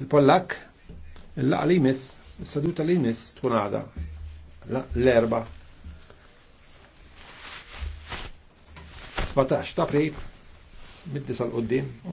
Il-Pollak, il laq li jmiss, il saduta li jmiss tkun għada l-erba 17 ta' april mid-disa l-qoddim.